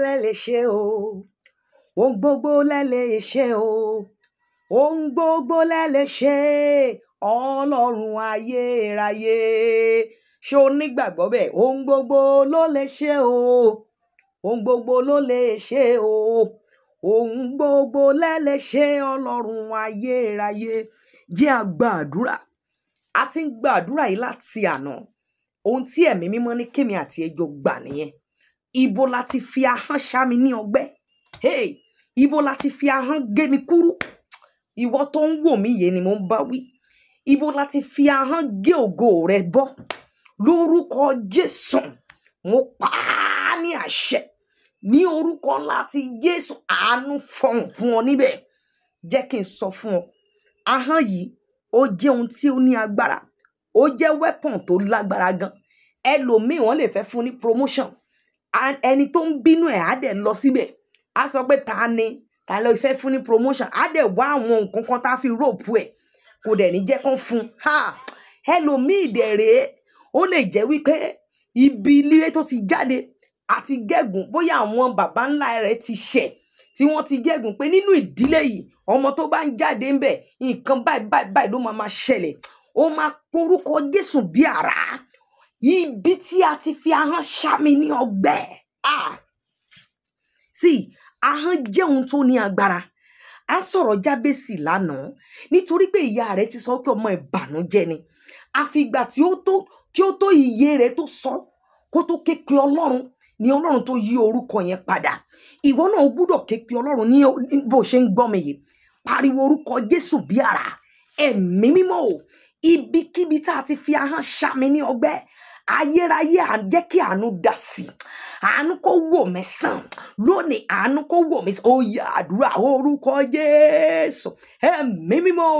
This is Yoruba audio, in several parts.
lẹ lè ṣe o ohun gbogbo lẹ lè ṣe o ohun gbogbo lẹ lè ṣe ọlọ́run ayérayé ṣé o nígbàgbọ́ bẹ́ẹ̀ ohun gbogbo ló lè ṣe o ohun gbogbo ló lè ṣe o ohun gbogbo lẹ lè ṣe ọlọ́run ayérayé jẹ́ àgbàdúrà a ti ń gbàdúrà yìí láti àná ohun tí ẹ̀mí mímọ́ ní kémi àti ẹjọ́ gbà nìyẹn ibo la fi ahọ́n ṣá mi ní ọgbẹ́ hey ibo la fi ahọ́n gé mi kúrú ìwọ tó ń wò mí yé ni mo ń bá wí ibo la fi ahọ́n gé ògo rẹ bọ́ lórúkọ Jésù mo pa á ní àṣẹ ní orúkọ láti Jésù àánú fọhùn fún ọ níbẹ̀ jẹ́ kí n sọ fún ọ ahọ́n yìí ó jẹ́ ohun tí ó ní agbára ó jẹ́ weapon tó lágbára gan ẹlòmíì lè fẹ́ fún ní promotion ẹni tó ń bínú ẹ̀ á dẹ̀ lọ síbẹ̀ á sọ pé ta ni ta ló fẹ́ fún ní promotion á dẹ̀ wá àwọn nǹkan kan tá a fi rope ẹ̀ kò dẹ̀ ní jẹ́ kán fún ẹlòmíì dẹ̀ rèé ó lè jẹ́ wípé ibi ilé tó ti jáde àti gẹ́gùn bóyá àwọn baba ńlá rẹ̀ ti ṣẹ̀ tí wọ́n ti gẹ́gùn pé nínú ìdílé yìí ọmọ tó bá ń jáde ń bẹ̀ nǹkan báyìí báyìí báyìí ló máa máa ṣẹlẹ̀ ó máa porúkọ Jésù bí àrá ibi tí a ti fi ahọ́n ṣàmì ní ọgbẹ́ ah sí ahọ́n jẹ́ ohun tó ní agbára a sọ̀rọ̀ jábèsì lánàá nítorí pé ìyá rẹ̀ ti sọ pé ọmọ ìbànújẹ́ ni àfìgbà tí ó tó kí ó tó iye rẹ̀ tó sọ kó tó ké pe ọlọ́run ni ọlọ́run tó yí orúkọ yẹn padà ìwọ náà gbúdọ̀ ké pe ọlọ́run ní bó ṣe ń gbọ́ mi yìí pariwo orúkọ jésù bí ara ẹ̀mí mímọ́ o ibikíbi tá a ti fi ahọ́n ṣàmì ní ọgbẹ́ ayérayé à ń jẹ́ kí àánú dá sí àánú kó wò mí sàn lónìí àánú kó wò mí sàn ó yá àdúrà orúkọ Jésù ẹ̀mí mímọ́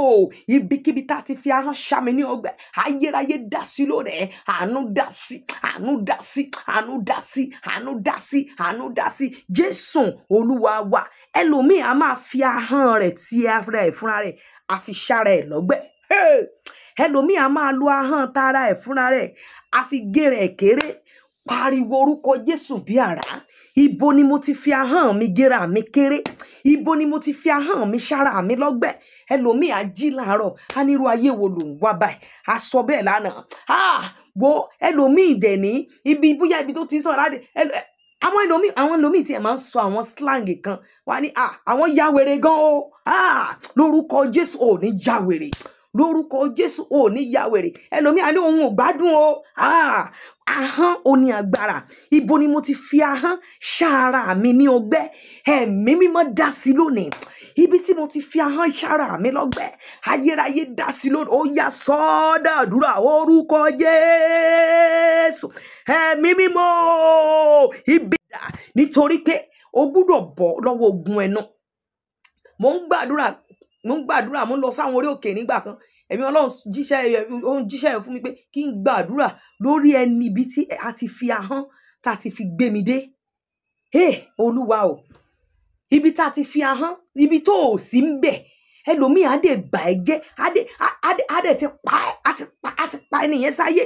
ibikíbi tá a ti fi ahọ́n ṣámi ní ọgbẹ́ ayérayé dá sí lónìí àánú dá sí àánú dá sí àánú dá sí àánú dá sí àánú dá sí Jésù Olúwa wa ẹlòmíì a máa fi ahọ́n rẹ̀ tí ẹ fúnra rẹ̀ a fi ẹ̀ lọ́gbẹ́ ẹlòmíì á máa lo ahọ́n tara ẹ̀ fúnra rẹ̀ á fi gèrè ẹ̀ kéré pariwo orúkọ Jésù bí àrá ibo ni mo ti fi ahọ́n mi gèrè àmì kéré ibo ni mo ti fi ahọ́n mi ṣára mi lọ́gbẹ́ ẹlòmíì á jí làárọ̀ á nírú ayé wo ló ń wá báyìí á sọ bẹ́ẹ̀ lánàá ah wo ẹlòmíì dẹ̀ ní ibi bóyá ibi tó ti sọ̀rọ̀ láti àwọn ẹlòmíì àwọn ẹlòmíì tiẹ̀ máa ń sọ àwọn slang kan wá ní àwọn yàwèrè gan o lórúkọ Jésù ò ní yàwèrè lórúkọ jésù ò ní ya wèrè ẹlòmíà ní òun ò gbádùn o ahán ò ní agbára ibo ni mo ti fi ahán ṣàárà mi ní ọgbẹ́ ẹ̀mí mímọ́ dá sí lónìí ibi tí mo ti fi ahọ́n ṣara mi lọ́gbẹ́ ayérayé dá sí lónìí ó yá sọ́dọ̀ àdúrà orúkọ Jésù ẹ̀mí mímọ́ ibi nítorí pé o gbúdọ̀ bọ́ lọ́wọ́ ogun ẹ̀ náà mo ń gbàdúrà mo ń gbàdúrà mo ń lọ sáwọn orí òkè nígbà kan ẹ̀mí ọlọ́run jíṣẹ́ ó ń jíṣẹ́ fún mi pé kí n gbàdúrà lórí ẹni ibi tí a ti fi ahọ́n tá a ti fi gbé mi dé olúwa o ibi tá a ti fi ahọ́n ibi tó ò sí ń bẹ̀ ẹlòmíì á dè bà ẹ́ jẹ́ á dè ti pa á ti pa ẹnìyẹn sáyé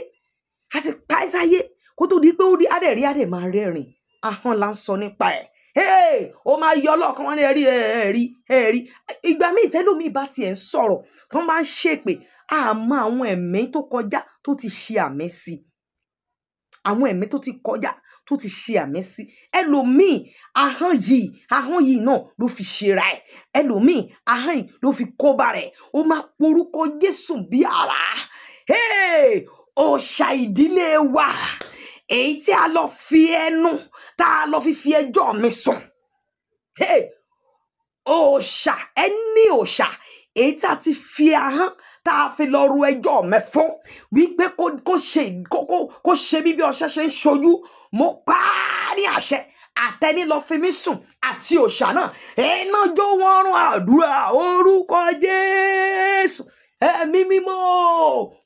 á ti pa ẹ́ sáyé kó tó di pé ó rí á dè rí á dè máa rẹ́rìn ahọ́n la ń sọ nípa ẹ̀ ó máa yọ ọlọ́kan wọn ní ẹ̀rí ẹ̀rí ẹ̀rí ìgbà míì tẹ́lómi bá tiẹ̀ ń sọ̀rọ̀ tó máa ń ṣèpè àmọ́ àwọn ẹ̀mí tó kọjá tó ti ṣe àmì sí àwọn ẹ̀mí tó ti kọjá tó ti ṣe àmì sí ẹlòmíì ahọ́n yìí ahọ́n yìí náà ló fi ṣera ẹ̀ ẹlòmíì ahọ́n yìí ló fi kóbá rẹ̀ ó máa porúkọ Jésù bí àrá ọ̀ṣà ìdílé wa èyí tí a lọ fi ẹnu. E Ta a lọ fi fi ẹjọ́ mi sùn òòṣà ẹni òòṣà èyí tá a ti fi ahọ́n tá a fi lọ ru ẹjọ́ mi fún wípé kó ṣe kó ṣe bí bí ọṣẹ ṣe ń ṣojú mo pa á ní àṣẹ àtẹni lọ fi mí sùn àti òòṣà náà iná jó wọn rún àdúrà orúkọ Jésù ẹ̀mí mímọ́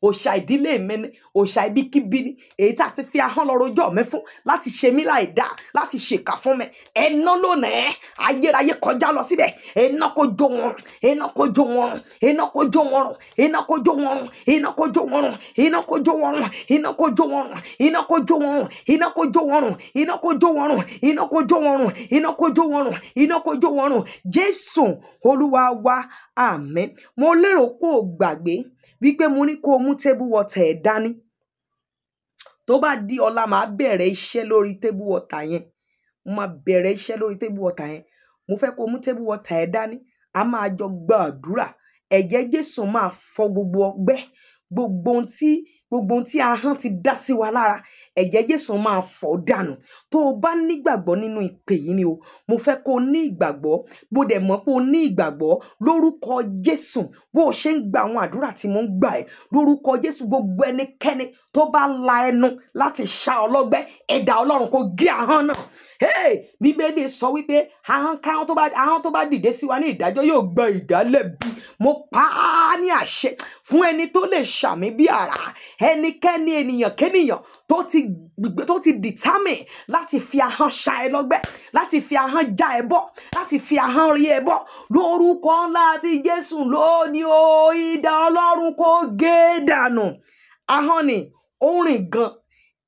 òòṣà ìdílé mi ni òòṣà ibikíbi ni èyí tá a ti fi ahọ́n lọ rojọ́ mi fún láti ṣe mí láì dáa láti ṣèkà fún mi ẹ̀nà lónìí ayérayé kọjá lọ síbẹ̀ ẹ̀nà kó jó wọn ẹ̀nà kó jó wọn ẹ̀nà kó jó wọn ẹ̀nà kó jó wọn ẹ̀nà kó jó wọn ẹ̀nà kó jó wọn ẹ̀nà kó jó wọn ẹ̀nà kó jó wọn ẹ̀nà kó jó wọn ẹ̀nà kó jó wọn ẹ̀nà kó jó wọn ẹ̀nà kó wọn ẹ̀nà kó wọn Jésù Olúwa wa Amen. mo lérò kó o gbàgbé wípé mo ní kó o mú table water ẹ̀ dání tó bá di ọ̀la màá bẹ̀rẹ̀ iṣẹ́ lórí table water yẹn mo máa bẹ̀rẹ̀ iṣẹ́ lórí table water yẹn mo fẹ́ kó o mú table water ẹ̀ dání a máa jọ gbàdúrà ẹ̀jẹ̀ Jésù máa fọ gbogbo ọgbẹ́ gbogbo ohun tí gbogbo ohun tí ahọ́n ti dá sí wa lára ẹ̀jẹ̀ Jésù máa fọ̀ dànù tó o bá nígbàgbọ́ nínú ìpè yìí ni o mo fẹ́ kó o ní ìgbàgbọ́ bó dẹ̀ mọ̀ pé o ní ìgbàgbọ́ lórúkọ Jésù bó o ṣe ń gba àwọn àdúrà tí mo ń gbà ẹ́ lórúkọ Jésù gbogbo ẹnikẹ́ni tó bá la ẹnu láti ṣá ọlọ́gbẹ́ ẹ̀dá Ọlọ́run kò gé ahọ́n náà bíbélì sọ wípé ahọ́n káwọn tó bá ahọ́n tó bá dìde sí wa ní ìdájọ́ yóò gbọ́ ìdálẹ́bi mo pa á ní àṣẹ fún ẹni tó lè ṣàmì bí ara ẹnikẹ́ni ènìyàn kénìyàn tó ti tó ti determine láti fi ahọ́n ṣá ẹ lọ́gbẹ́ láti fi ahọ́n já ẹ bọ́ láti fi ahọ́n rí ẹ bọ́ lórúkọ ńlá ti Jésù lónìí o idà Ọlọ́run kò gé dànù ahọ́n ni ó rìn gan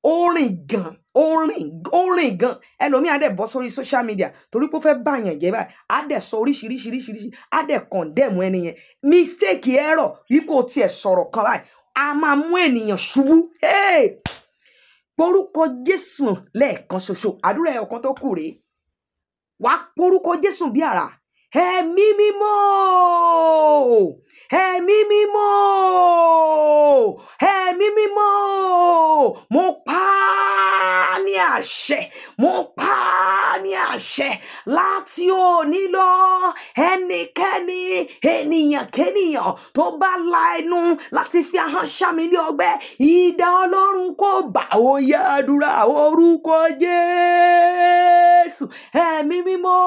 ó rìn gan ó rìn ó rìn gan ẹlòmíì á dẹ̀ sórí social media torí pé ó fẹ́ bàyàn jẹ́ báyìí á dẹ̀ sọ oríṣiríṣi oríṣiríṣi á dẹ̀ condemn ẹni yẹn mistake error wípé o tiẹ̀ sọ̀rọ̀ kan báyìí a máa mú ènìyàn ṣubú. Hey! porúkọ jésù lẹ́ẹ̀kan ṣoṣo àdúrà ẹ̀ ọ̀kan tó kù rèé wàá porúkọ jésù bí àrà ẹ̀mí mímọ́ ẹ̀mí mímọ́ ẹ̀mí mímọ́ mo pa á ní mo pa ní àṣẹ láti òní lọ ẹnikẹ́ni ènìyàn kénìyàn tó bá la ẹnu láti fi ahọ́n ṣàmì ní ọgbẹ́ idà ọlọ́run kò bá ó yá àdúrà orúkọ jésù ẹ̀mí mímọ́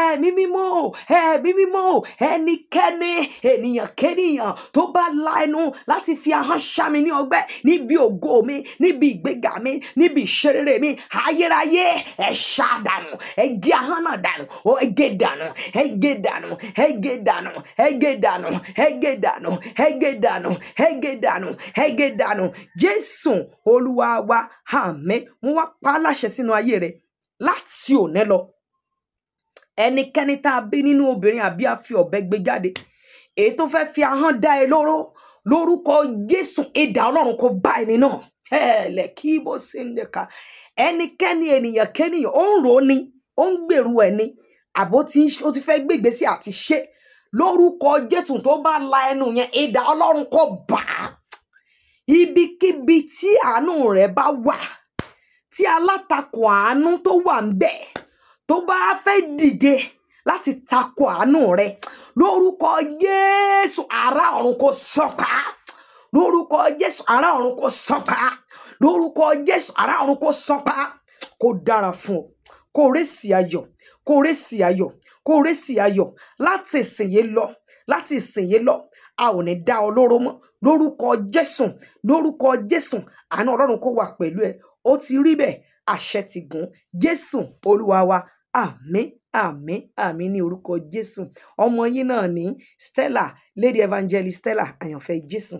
ẹ̀mí mímọ́ ẹ̀mí mímọ́ ẹnikẹ́ni ènìyàn kénìyàn tó bá la ẹnu láti fi ahọ́n ṣàmì ní ọgbẹ́ níbi ògo mi níbi ìgbéga mi níbi ìṣerere mi ayérayé ẹ̀ ṣàdá dànù ẹ gé ahọ́n náà dànù ó ẹ gé dànù ẹ gé dànù ẹ gé dànù ẹ gé dànù ẹ gé dànù ẹ gé dànù ẹ gé dànù ẹ gé dànù jésù olúwa wa àmín mo wá pa á láṣẹ sínú ayé rẹ láti òní lọ ẹnikẹ́ni tá a bí nínú obìnrin àbí a fi ọ̀bẹ gbé jáde èyí tó fẹ́ fi ahọ́n dá ẹ lóró lórúkọ jésù ìdá ọlọ́run kò bá ẹni náà kẹ́ẹ̀lẹ̀ kí bó sì ń dẹ̀ka ẹnikẹ́ni ènìyàn kẹ́nìyàn ó ń rò ó ní ó ń gbèrú ẹ̀ ní àbó tí ó ti fẹ́ gbègbè sí àti ṣe lórúkọ Jésù tó bá la ẹnu yẹn idà Ọlọ́run kó bà á ibikíbi tí àánú rẹ̀ bá wà tí alátakò àánú tó wà ń bẹ tó bá fẹ́ dìde láti takò àánú rẹ̀ lórúkọ Jésù ará ọ̀run kó sọ̀ka. So lórúkọ jésù ará ọ̀run kò sán pa lórúkọ jésù ará ọ̀run kò sán pa kò dára fún ọ kò rẹ́sì ayọ̀ kò rẹ́sì ayọ̀ kò rẹ́sì ayọ̀ láti ìsìnyé lọ láti ìsìnyé lọ a ò ní dá ọ lóró mọ́ lórúkọ jésù lórúkọ jésù àánú ọlọ́run kó wà pẹ̀lú ẹ ó ti rí bẹ́ẹ̀ àṣẹ ti gùn jésù olúwa wa àmín àmín àmín ní orúkọ jésù ọmọ yín náà ní stella lady evangelist stella àyànfẹ́ jésù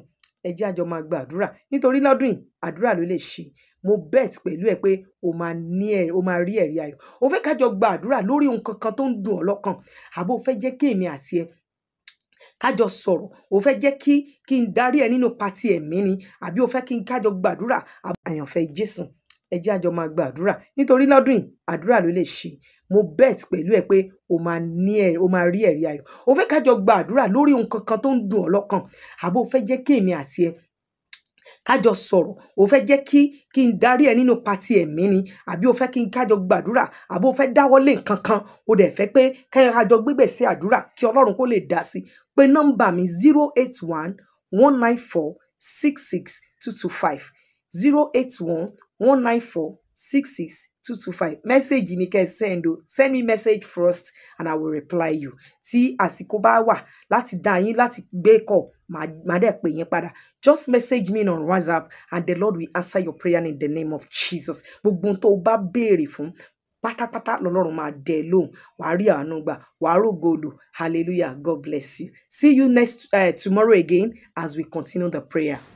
ẹ jẹ́ àjọ máa gba àdúrà nítorí lọ́dún yìí àdúrà ló lè ṣe mo bet pẹ̀lú ẹ pé o máa ní ẹ o máa rí ẹ̀rí ayọ̀ o fẹ́ kájọ gba àdúrà lórí ohun kankan tó ń dùn ọ́ lọ́kàn àbó o fẹ́ jẹ́ kí èmi àti ẹ kájọ sọ̀rọ̀ o fẹ́ jẹ́ kí kí n darí ẹ nínú pati ẹ̀mí ni àbí o fẹ́ kí n kájọ gbàdúrà àyànfẹ́ Jésù ẹ jẹ́ àjọ máa gba àdúrà nítorí lọ́dún yìí àdúrà ló lè ṣe mo bet pẹ̀lú ẹ pé o máa ní ẹ o máa rí ẹ̀rí ayọ̀ o fẹ́ kájọ gba àdúrà lórí ohun kankan tó ń dùn ọ́ lọ́kàn àbó o fẹ́ jẹ́ kí èmi àti ẹ kájọ sọ̀rọ̀ o fẹ́ jẹ́ kí kí n darí ẹ nínú pati ẹ̀mí ni àbí o fẹ́ kí n kájọ gbàdúrà àbí o fẹ́ dáwọ́lé nǹkan kan o dẹ̀ fẹ́ pé kájọ gbégbẹ̀ sí àdúrà kí ọlọ́run kó lè dá sí pé nọ́mbà mi zero eight one one nine four six six two two five 081 194 66225 message you kẹ́ ẹ send send me message first and I will reply you See àsìkò bá wà láti dá yín láti gbé kọ̀ màá dẹ̀ just message me on WhatsApp and the Lord will answer your prayer in the name of Jesus gbogbo bá béèrè fún pátápátá lọ́lọ́run máa dẹ ẹ lóhùn wàá hallelujah God bless you see you next uh, tomorrow again as we continue the prayer.